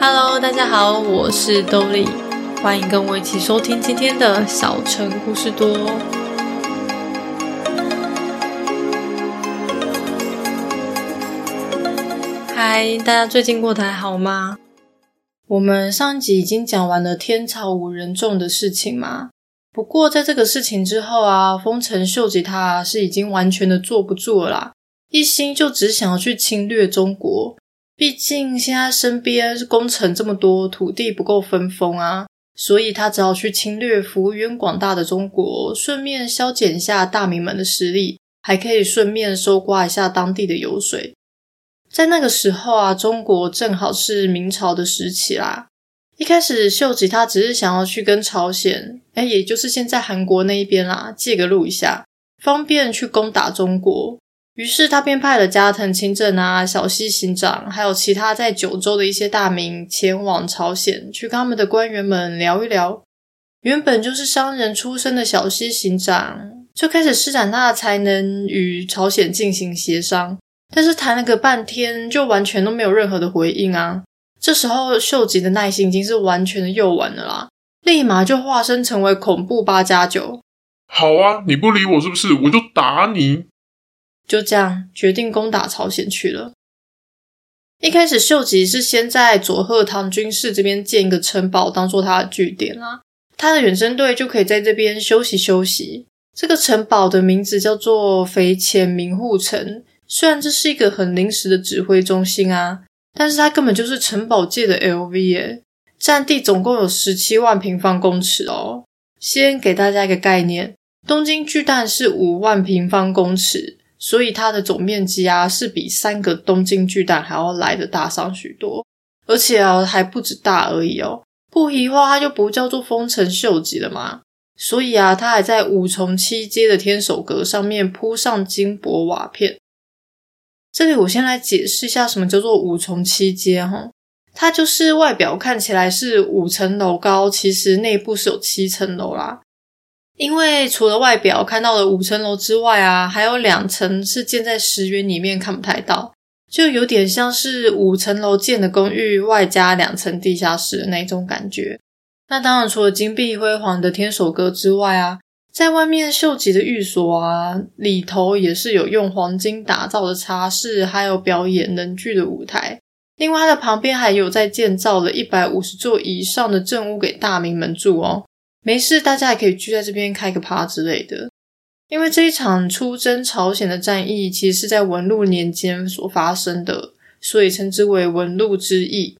Hello，大家好，我是 Dolly，歡迎跟我一起收聽今天的小城故事多哦。嗨，大家最近過得還好嗎？我們上集已經講完了天朝五人眾的事情嗎？不過，在這個事情之後啊，豐臣秀吉他是已經完全的坐不住了啦，一心就只想要去侵略中國。畢竟現在身邊功臣這麼多，土地不夠分封啊，所以他只好去侵略幅員廣大的中國，順便削減一下大名們的實力，還可以順便收刮一下當地的油水。在那個時候啊，中國正好是明朝的時期啦。一開始，秀吉他只是想要去跟朝鮮，哎，也就是現在韓國那一邊啦，借個路一下，方便去攻打中國。於是他便派了加藤清正啊、小西行長，還有其他在九州的一些大名前往朝鮮，去跟他們的官員們聊一聊。原本就是商人出身的小西行長，就開始施展他的才能與朝鮮進行協商。但是談了個半天，就完全都沒有任何的回應啊。這時候，秀吉的耐心已經是完全的用完了啦，立馬就化身成為恐怖八加九。好啊，你不理我是不是？我就打你。就這樣，決定攻打朝鮮去了。一開始，秀吉是先在佐賀唐津市這邊建一個城堡，當做他的據點啦。他的遠征隊就可以在這邊休息休息。這個城堡的名字叫做肥前名護城，雖然這是一個很臨時的指揮中心啊。但是它根本就是城堡界的 LV 欸，佔地總共有十七萬平方公尺哦。先給大家一個概念，東京巨蛋是五萬平方公尺，所以它的總面積啊是比三個東京巨蛋還要來得大上許多。而且啊，還不止大而已哦，不一話它就不叫做豐臣秀吉了嘛。所以啊，它還在五重七階的天守閣上面鋪上金箔瓦片。這裡我先來解釋一下什麼叫做五重七階哈，它就是外表看起來是五層樓高，其實內部是有七層樓啦。因為除了外表看到的五層樓之外啊，還有兩層是建在石垣裡面看不太到，就有點像是五層樓建的公寓外加兩層地下室的那種感覺。那當然，除了金碧輝煌的天守閣之外啊在外面秀吉的寓所啊，裡頭也是有用黃金打造的茶室，還有表演能劇的舞台。另外它的旁邊還有在建造了一百五十座以上的陣屋給大名們住哦。沒事，大家也可以聚在這邊開個趴之類的。因為這一場出征朝鮮的戰役其實是在文祿年間所發生的，所以稱之為文祿之役。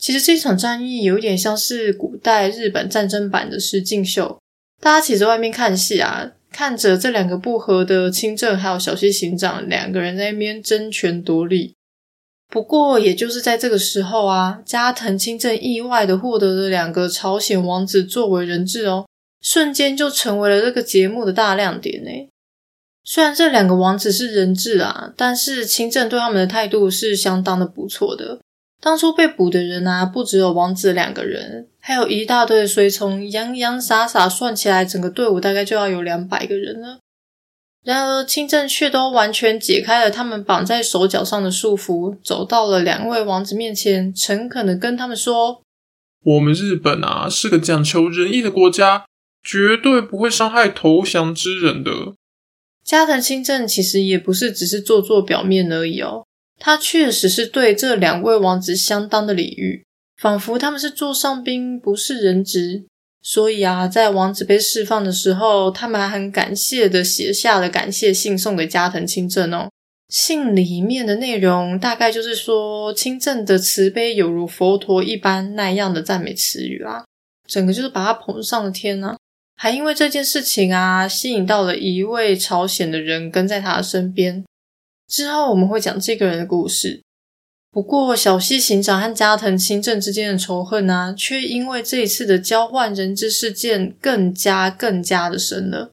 其實這一場戰役有點像是古代日本戰爭版的實境秀。大家擠在外面看戲啊，看着這兩個不和的清正還有小西行長兩個人在那邊爭權奪利。不過，也就是在這個時候啊，加藤清正意外地獲得了兩個朝鮮王子作為人質哦，瞬間就成為了這個節目的大亮點呢。雖然這兩個王子是人質啊，但是清正對他們的態度是相當的不錯的。當初被捕的人啊，不只有王子兩個人，還有一大堆的隨從，洋洋灑灑，算起來，整個隊伍大概就要有兩百個人呢。然而，清正卻都完全解開了他們綁在手腳上的束縛，走到了兩位王子面前，誠懇地跟他們說：“我們日本啊，是個講求仁義的國家，絕對不會傷害投降之人的。”加藤清正其實也不是只是做做表面而已哦。他確實是對這兩位王子相當的禮遇，仿佛他們是座上賓，不是人質。所以啊，在王子被釋放的時候，他們還很感謝的寫下了感謝信送給加藤清正哦。信裡面的內容大概就是說，清正的慈悲猶如佛陀一般那樣的讚美詞語啦，整個就是把他捧上了天呢、啊。還因為這件事情啊，吸引到了一位朝鮮的人跟在他的身邊。之後我們會講這個人的故事。不過，小西行長和加藤清正之間的仇恨呢、啊，卻因為這一次的交換人質事件更加更加的深了。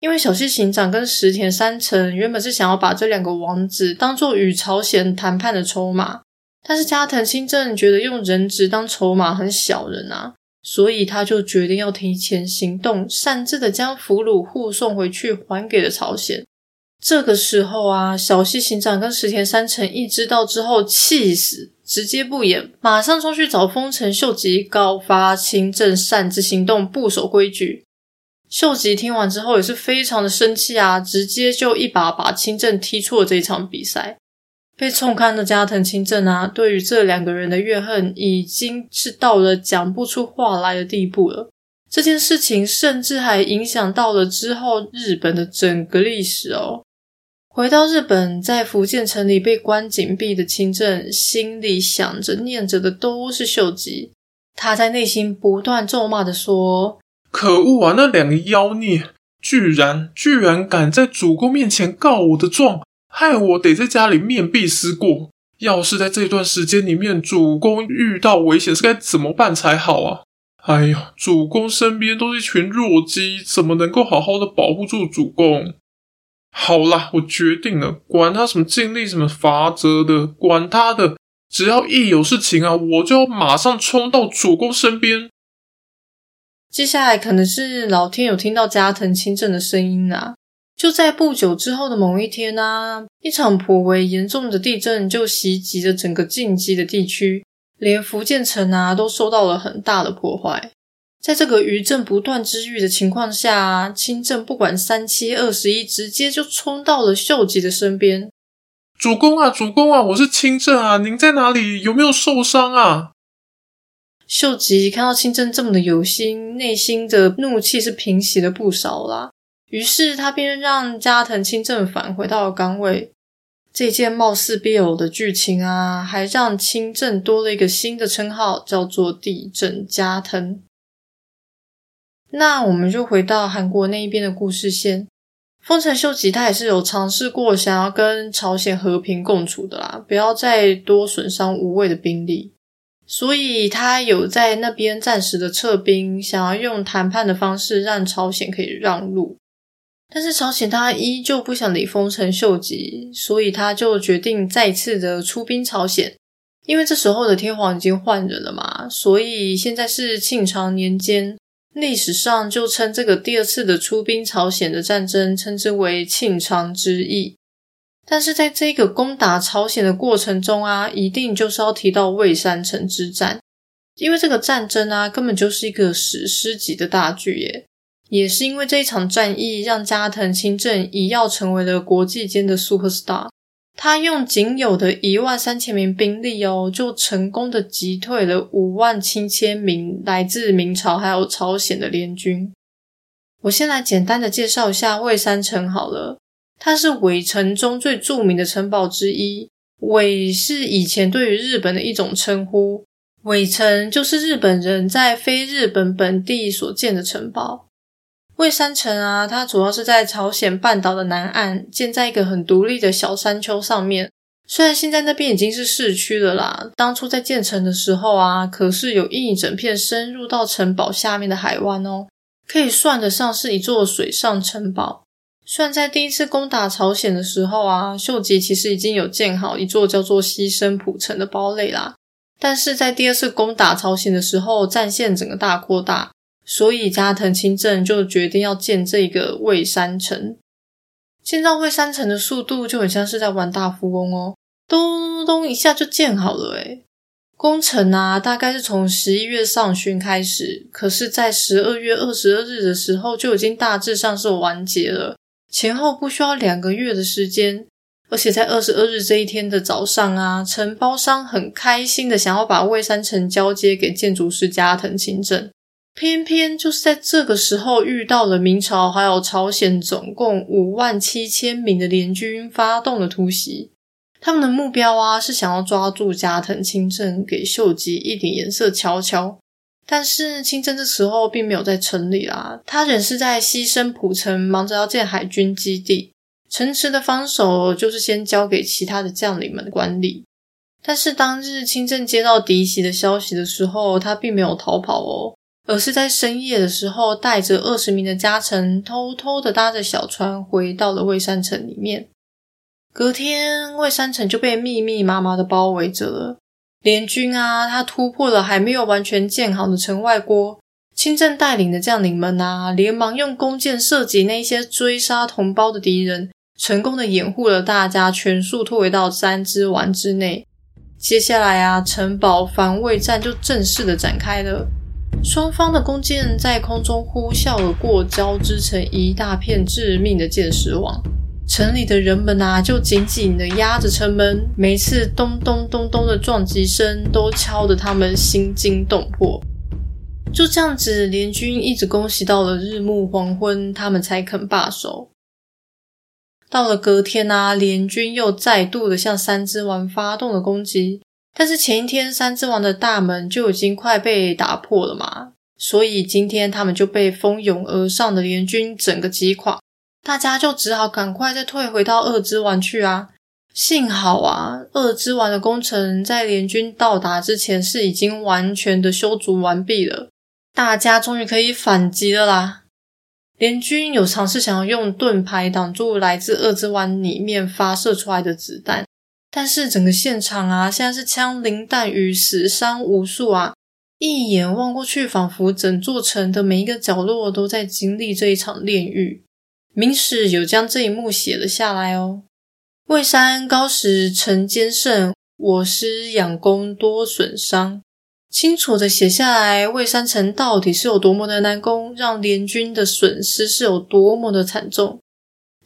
因為小西行長跟石田三成原本是想要把這兩個王子當做與朝鮮談判的籌碼，但是加藤清正覺得用人質當籌碼很小人啊，所以他就決定要提前行動，擅自的將俘虜護送回去，還給了朝鮮。這個時候啊，小西行長跟石田三成一知道之後，氣死，直接不演，馬上衝去找豐臣秀吉告發清正擅自行動，不守規矩。秀吉聽完之後也是非常的生氣啊，直接就一把把清正踢出了這一場比賽。被衝開的加藤清正啊，對於這兩個人的怨恨已經是到了講不出話來的地步了。這件事情甚至還影響到了之後日本的整個歷史哦。回到日本，在伏見城裡被關禁閉的清正，心裡想着、念着的都是秀吉。他在內心不斷咒罵的說：“可惡啊！那兩個妖孽，居然居然敢在主公面前告我的狀，害我得在家裡面壁思過。要是在這段時間裡面，主公遇到危險，是該怎麼辦才好啊？哎喲，主公身邊都是一群弱雞，怎麼能夠好好的保護住主公？”好啦，我決定了，管他什麼盡力什麼法則的，管他的，只要一有事情啊，我就馬上衝到主公身邊。接下來可能是老天有聽到加藤清正的聲音啊，就在不久之後的某一天啊，一場頗為嚴重的地震就襲擊了整個近畿的地區，連伏見城啊都受到了很大的破壞。在這個餘震不斷治癒的情況下，清正不管三七二十一直接就衝到了秀吉的身邊。主公啊，主公啊，我是清正啊，您在哪裡？有沒有受傷啊？秀吉看到清正這麼的有心，內心的怒氣是平息了不少啦。於是他便讓加藤清正返回到了崗位。這件貌似彆扭的劇情啊，還讓清正多了一個新的稱號，叫做地震加藤。那我們就回到韓國那一邊的故事線。豐臣秀吉他也是有嘗試過想要跟朝鮮和平共處的啦，不要再多損傷無謂的兵力，所以他有在那邊暫時的撤兵，想要用談判的方式讓朝鮮可以讓路。但是朝鮮他依舊不想理豐臣秀吉，所以他就決定再次的出兵朝鮮。因為這時候的天皇已經換人了嘛，所以現在是慶長年間。歷史上就稱這個第二次的出兵朝鮮的戰爭稱之為慶長之役，但是在這個攻打朝鮮的過程中啊，一定就是要提到蔚山城之戰，因為這個戰爭啊，根本就是一個史詩級的大劇耶，也是因為這一場戰役，讓加藤清正一躍成為了國際間的 superstar。他用僅有的一萬三千名兵力哦，就成功的擊退了五萬七千名來自明朝還有朝鮮的聯軍。我先來簡單的介紹一下蔚山城好了，它是倭城中最著名的城堡之一。倭是以前對於日本的一種稱呼，倭城就是日本人在非日本本地所建的城堡。蔚山城啊，它主要是在朝鮮半島的南岸，建在一個很獨立的小山丘上面。雖然現在那邊已經是市區的啦，當初在建成的時候啊，可是有一整片深入到城堡下面的海灣哦，可以算得上是一座水上城堡。雖然在第一次攻打朝鮮的時候啊，秀吉其實已經有建好一座叫做西生浦城的堡壘啦，但是在第二次攻打朝鮮的時候，戰線整個大擴大。所以，加藤清正就決定要建這個蔚山城。建造蔚山城的速度就很像是在玩大富翁哦，咚咚一下就建好了誒、欸、工程啊，大概是從十一月上旬開始，可是，在十二月二十二日的時候就已經大致上是完結了，前後不需要兩個月的時間。而且，在二十二日這一天的早上啊，承包商很開心的想要把蔚山城交接給建築師加藤清正。偏偏就是在這個時候遇到了明朝還有朝鮮總共五萬七千名的聯軍發動的突襲，他們的目標啊是想要抓住加藤清正給秀吉一點顏色瞧瞧。但是清正這時候並沒有在城裡啦、啊，他仍是在西生浦城忙着要建海軍基地，城池的防守就是先交給其他的將領們的管理。但是當日清正接到敵襲的消息的時候，他並沒有逃跑哦。而是在深夜的時候，帶着二十名的家臣，偷偷的搭着小船回到了蔚山城裡面。隔天，蔚山城就被密密麻麻的包圍着了。聯軍啊，他突破了還沒有完全建好的城外郭。清正帶領的將領們啊，連忙用弓箭射擊那些追殺同胞的敵人，成功的掩護了大家全數突圍到三之丸之內。接下來啊，城堡防衛戰就正式的展開了。雙方的弓箭在空中呼嘯而過，交織成一大片致命的箭矢網。城裡的人們吶、啊，就緊緊的壓着城門，每一次咚咚咚咚咚的撞擊聲都敲得他們心驚動魄。就這樣子，聯軍一直攻襲到了日暮黃昏，他們才肯罷手。到了隔天啊，聯軍又再度的向三之丸發動了攻擊。但是前一天三之丸的大門就已經快被打破了嘛，所以今天他們就被蜂擁而上的聯軍整個擊垮，大家就只好趕快再退回到二之丸去啊。幸好啊，二之丸的工程在聯軍到達之前是已經完全的修築完畢了，大家終於可以反擊了啦。聯軍有嘗試想要用盾牌擋住來自二之丸裡面發射出來的子彈。但是整個現場啊，現在是槍林彈雨，死傷無數啊！一眼望過去，仿佛整座城的每一個角落都在經歷這一場煉獄。明史有將這一幕寫了下來哦。蔚山高險城堅，我師仰攻多損傷，清楚地寫下來，蔚山城到底是有多麼的難攻，讓聯軍的損失是有多麼的慘重。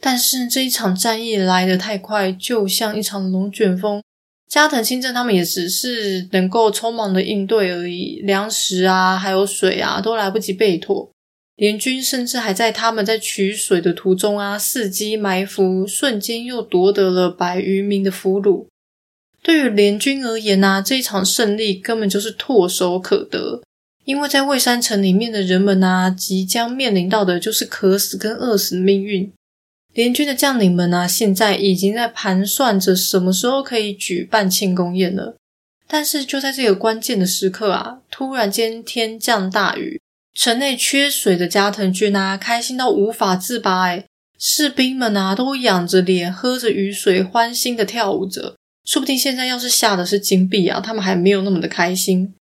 但是這一場戰役來得太快，就像一場龍捲風。加藤清正他們也只是能夠匆忙的應對而已，糧食啊，還有水啊，都來不及備妥。聯軍甚至還在他們在取水的途中啊，伺機埋伏，瞬間又奪得了百餘名的俘虜。對於聯軍而言啊，這一場勝利根本就是唾手可得，因為在蔚山城裡面的人們吶、啊，即將面臨到的就是渴死跟餓死的命運。聯軍的將領們啊，現在已經在盤算着什麼時候可以舉辦慶功宴了。但是就在這個關鍵的時刻啊，突然間天降大雨，城內缺水的加藤軍啊，開心到無法自拔。欸，士兵們啊，都仰着臉喝着雨水，歡欣的跳舞着。說不定現在要是下的是金幣啊，他們還沒有那麼的開心。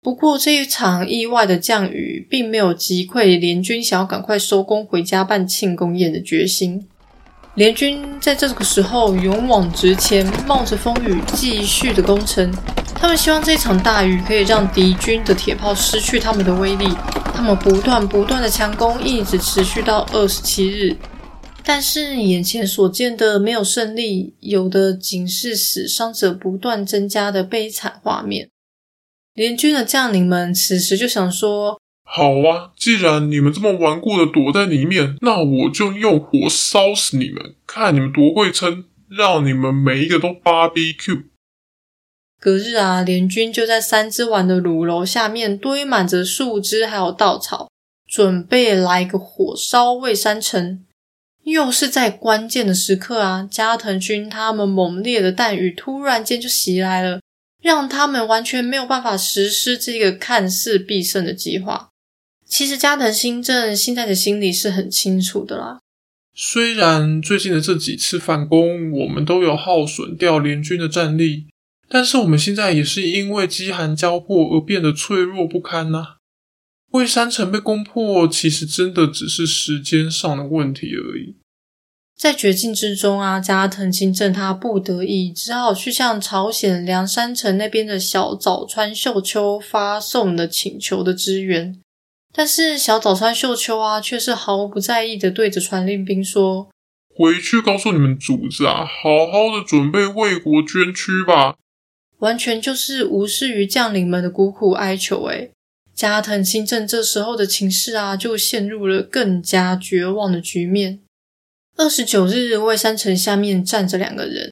不過這一場意外的降雨，並沒有擊潰聯軍想要趕快收工回家辦慶功宴的決心。聯軍在這個時候勇往直前，冒着風雨繼續的攻城。他們希望這場大雨可以讓敵軍的鐵炮失去他們的威力。他們不斷不斷的強攻，一直持續到二十七日。但是眼前所見的沒有勝利，有的僅是死傷者不斷增加的悲慘畫面。聯軍的將領們此時就想說，好啊！既然你們這麼頑固的躲在裡面，那我就用火燒死你們，看你們多會撐，讓你們每一個都巴比 Q。隔日啊，聯軍就在三之丸的櫓樓下面堆滿着樹枝還有稻草，準備來個火燒蔚山城。又是在關鍵的時刻啊，加藤軍他們猛烈的彈雨突然間就襲來了，讓他們完全沒有辦法實施這個看似必勝的計劃。其實加藤清正現在的心裡是很清楚的啦。雖然最近的這幾次反攻，我們都有耗損掉聯軍的戰力，但是我們現在也是因為饑寒交迫而變得脆弱不堪吶、啊。蔚山城被攻破，其實真的只是時間上的問題而已。在絕境之中啊，加藤清正他不得已，只好去向朝鮮梁山城那邊的小早川秀秋發送的請求的支援。但是小早川秀秋啊，卻是毫不在意的對着傳令兵說：“回去告訴你們主子啊，好好的準備為國捐軀吧。”完全就是無視於將領們的苦苦哀求。誒。加藤清正這時候的情勢啊，就陷入了更加絕望的局面。二十九日，蔚山城下面站着兩個人，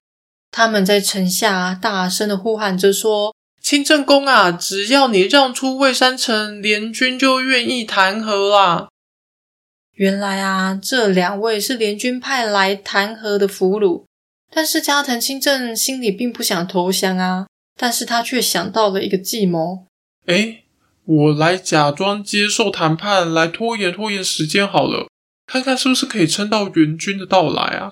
他們在城下、啊、大聲的呼喊着說。清正公啊，只要你讓出蔚山城，聯軍就願意談和啦。原來啊，這兩位是聯軍派來談和的俘虜。但是加藤清正心裡並不想投降啊，但是他却想到了一個計謀。哎、欸，我來假裝接受談判，來拖延拖延時間好了，看看是不是可以撐到援軍的到來啊。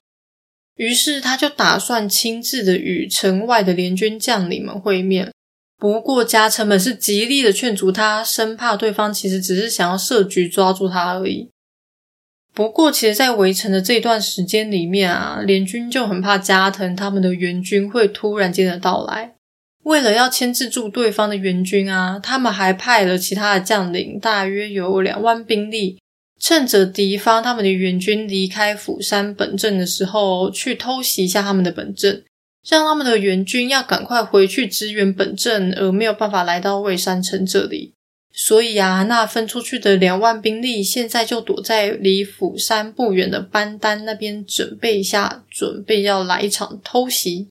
於是他就打算親自的與城外的聯軍將領們會面。不過，加藤本是極力的勸阻他，生怕對方其實只是想要設局抓住他而已。不過，其實，在圍城的這段時間裡面啊，聯軍就很怕加藤他們的援軍會突然間的到來。為了要牽制住對方的援軍啊，他們還派了其他的將領，大約有兩萬兵力，趁着敵方他們的援軍離開釜山本鎮的時候，去偷襲一下他們的本鎮。讓他們的援軍要趕快回去支援本陣，而沒有辦法來到蔚山城這裡。所以啊，那分出去的兩萬兵力現在就躲在離釜山不遠的班丹那邊，準備一下，準備要來一場偷襲。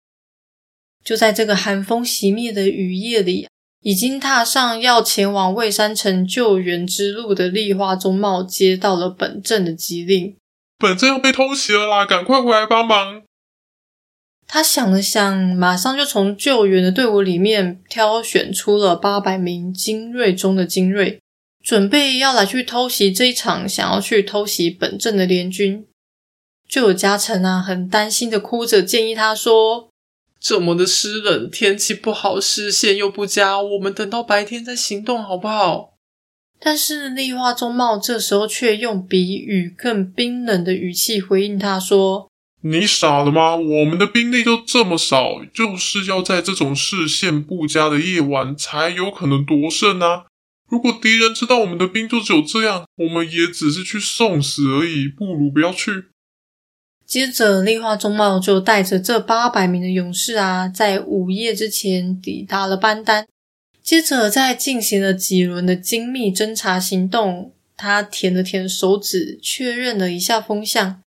就在這個寒風襲滅的雨夜裡，已經踏上要前往蔚山城救援之路的立花宗茂接到了本陣的急令：本陣要被偷襲了啦，趕快回來幫忙！他想了想，馬上就從救援的隊伍裡面挑選出了八百名精銳中的精銳，準備要來去偷襲這一場，想要去偷襲本陣的聯軍。就有家臣啊，很擔心的哭着建議他說：“這麼的濕冷，天氣不好，視線又不佳，我們等到白天再行動好不好？”但是立花宗茂這時候卻用比雨更冰冷的語氣回應他說，你傻了嗎？我們的兵力都這麼少，就是要在這種視線不佳的夜晚才有可能奪勝啊！如果敵人知道我們的兵就只有這樣，我們也只是去送死而已，不如不要去。接着，立花宗茂就帶着這八百名的勇士啊，在午夜之前抵達了班丹。接着，在進行了幾輪的精密偵查行動，他舔了舔手指，確認了一下風向。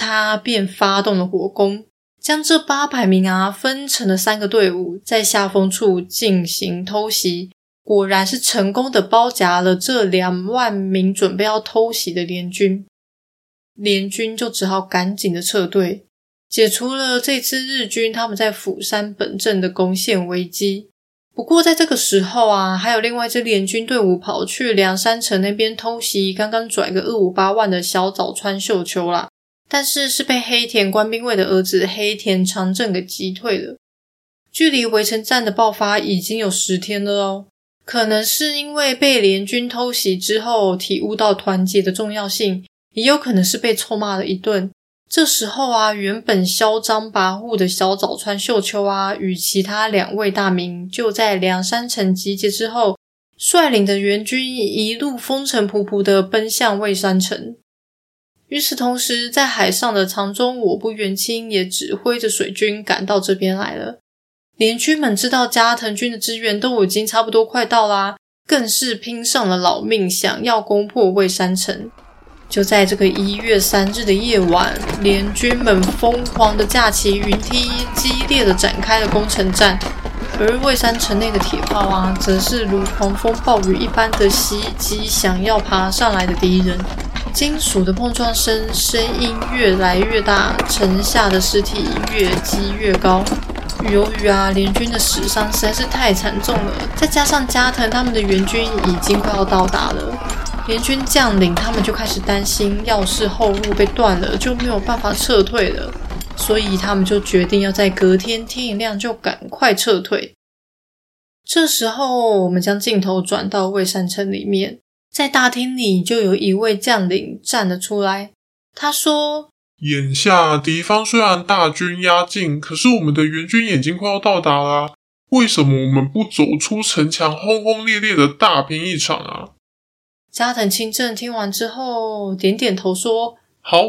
他便發動了火攻，將這八百名啊分成了三個隊伍，在下風處進行偷襲，果然是成功的包夾了這兩萬名準備要偷襲的聯軍，聯軍就只好趕緊的撤退，解除了這支日軍他們在釜山本陣的攻陷危機。不過在這個時候啊，還有另外一支聯軍隊伍跑去梁山城那邊偷襲，剛剛拽個二五八萬的小早川秀秋啦。但是是被黑田官兵衛的兒子黑田長政給擊退了。距離圍城戰的爆發已經有十天了哦。可能是因為被聯軍偷襲之後體悟到團結的重要性，也有可能是被臭罵了一頓。這時候啊，原本囂張跋扈的小早川秀秋啊，與其他兩位大名就在梁山城集結之後，率領的援軍一路風塵僕僕的奔向蔚山城。與此同時，在海上的長宗我部元親也指揮着水軍趕到這邊來了。聯軍們知道加藤軍的支援都已經差不多快到啦，更是拼上了老命，想要攻破蔚山城。就在這個一月三日的夜晚，聯軍們瘋狂的架起雲梯，激烈的展開了攻城戰。而蔚山城內的鐵炮啊，則是如狂風暴雨一般的襲擊想要爬上來的敵人。金屬的碰撞聲，聲音越來越大，城下的屍體越積越高。由於啊，聯軍的死傷實在是太慘重了，再加上加藤他們的援軍已經快要到達了，聯軍將領他們就開始擔心，要是後路被斷了，就沒有辦法撤退了，所以他們就決定要在隔天天一亮就趕快撤退。這時候，我們將鏡頭轉到蔚山城裡面。在大廳裡，就有一位將領站了出來。他說：“眼下敵方雖然大軍壓境，可是我們的援軍已經快要到達了啊。為什麼我們不走出城牆，轟轟烈烈的大拼一場啊？”加藤清正聽完之後，點點頭說：“好。”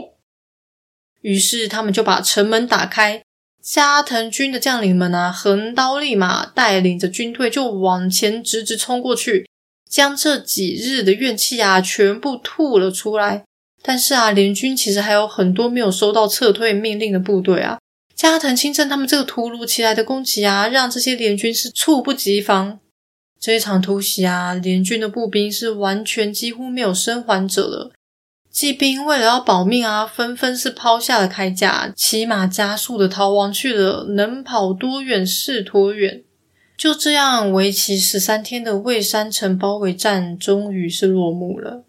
於是他們就把城門打開。加藤軍的將領們啊，橫刀立馬，帶領着軍隊就往前直直衝過去。將這幾日的怨氣啊，全部吐了出來。但是啊，聯軍其實還有很多沒有收到撤退命令的部隊啊。加藤清正他們這個突如其來的攻擊啊，讓這些聯軍是猝不及防。這一場突襲啊，聯軍的步兵是完全幾乎沒有生還者了。騎兵為了要保命啊，紛紛是拋下了鎧甲，騎馬加速的逃亡去了，能跑多遠是多遠。就這樣，為期十三天的蔚山城包圍戰終於是落幕了。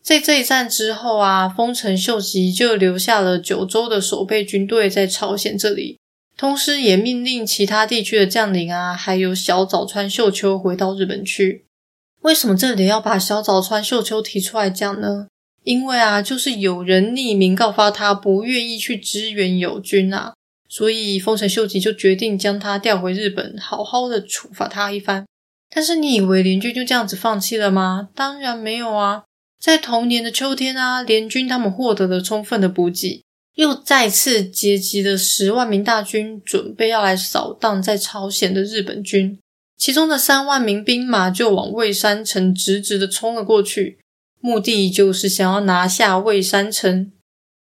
在這一戰之後啊，豐臣秀吉就留下了九州的守備軍隊在朝鮮這裡，同時也命令其他地區的將領啊，還有小早川秀秋回到日本去。為什麼這裡要把小早川秀秋提出來講呢？因為啊，就是有人匿名告發他不願意去支援友軍啊。所以，豐臣秀吉就決定將他調回日本，好好的處罰他一番。但是，你以為聯軍就這樣子放棄了嗎？當然沒有啊！在同年的秋天啊，聯軍他們獲得了充分的補給，又再次集結了十萬名大軍，準備要來掃蕩在朝鮮的日本軍。其中的三萬名兵馬就往蔚山城直直地衝了過去，目的就是想要拿下蔚山城。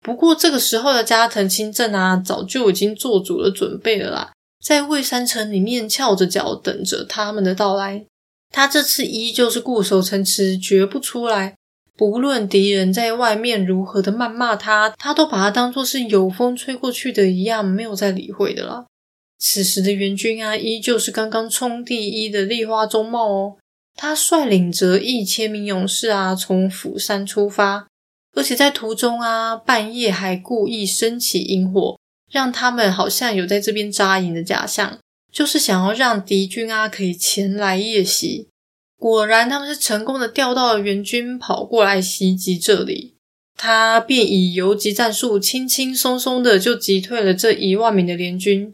不過這個時候的加藤清正啊，早就已經做足了準備了啦，在蔚山城裡面翹着腳等着他們的到來。他這次依舊是固守城池，絕不出來。不論敵人在外面如何的謾罵他，他都把他當作是有風吹過去的一樣，沒有再理會的啦。此時的援軍啊，依舊是剛剛衝第一的立花中茂哦，他率領着一千名勇士啊，從釜山出發。而且在途中啊，半夜還故意升起營火，讓他們好像有在這邊紮營的假象，就是想要讓敵軍啊可以前來夜襲。果然，他們是成功的調到了援軍，跑過來襲擊這裡。他便以游擊戰術，輕輕鬆鬆的就擊退了這一萬名的聯軍。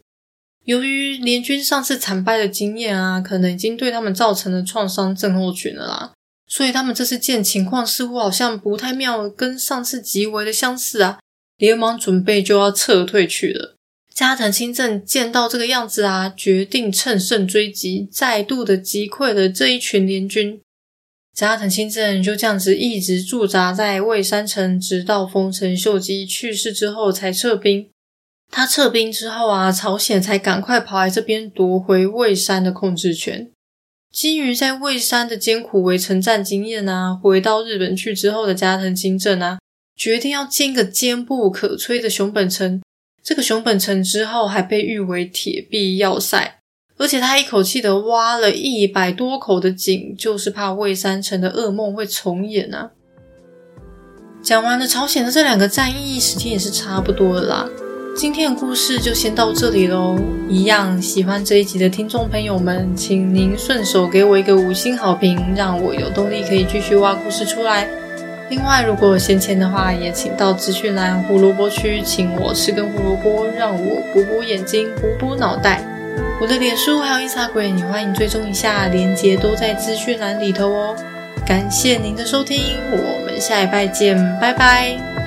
由於聯軍上次慘敗的經驗啊，可能已經對他們造成了創傷症候群了啦。所以他們這次見情況似乎好像不太妙，跟上次極為的相似啊，連忙準備就要撤退去了。加藤清正見到這個樣子啊，決定乘勝追擊，再度的擊潰了這一群聯軍。加藤清正就這樣子一直駐紮在蔚山城，直到豐臣秀吉去世之後才撤兵。他撤兵之後啊，朝鮮才趕快跑來這邊奪回蔚山的控制權。基於在蔚山的艱苦圍城戰經驗吶、啊，回到日本去之後的加藤清正啊，決定要建個堅不可摧的熊本城。這個熊本城之後還被譽為鐵壁要塞，而且他一口氣的挖了一百多口的井，就是怕蔚山城的噩夢會重演吶、啊。講完了朝鮮的這兩個戰役，時間也是差不多了啦。今天的故事就先到這裡嘍。一樣喜歡這一集的聽眾朋友們，請您順手給我一個五星好評，讓我有動力可以繼續挖故事出來。另外，如果有閒錢的話，也請到資訊欄胡蘿蔔區請我吃根胡蘿蔔，讓我補補眼睛、補補腦袋。我的臉書還有 IG 也歡迎追蹤一下，連結都在資訊欄裡頭哦。感謝您的收聽，我們下禮拜見，拜拜。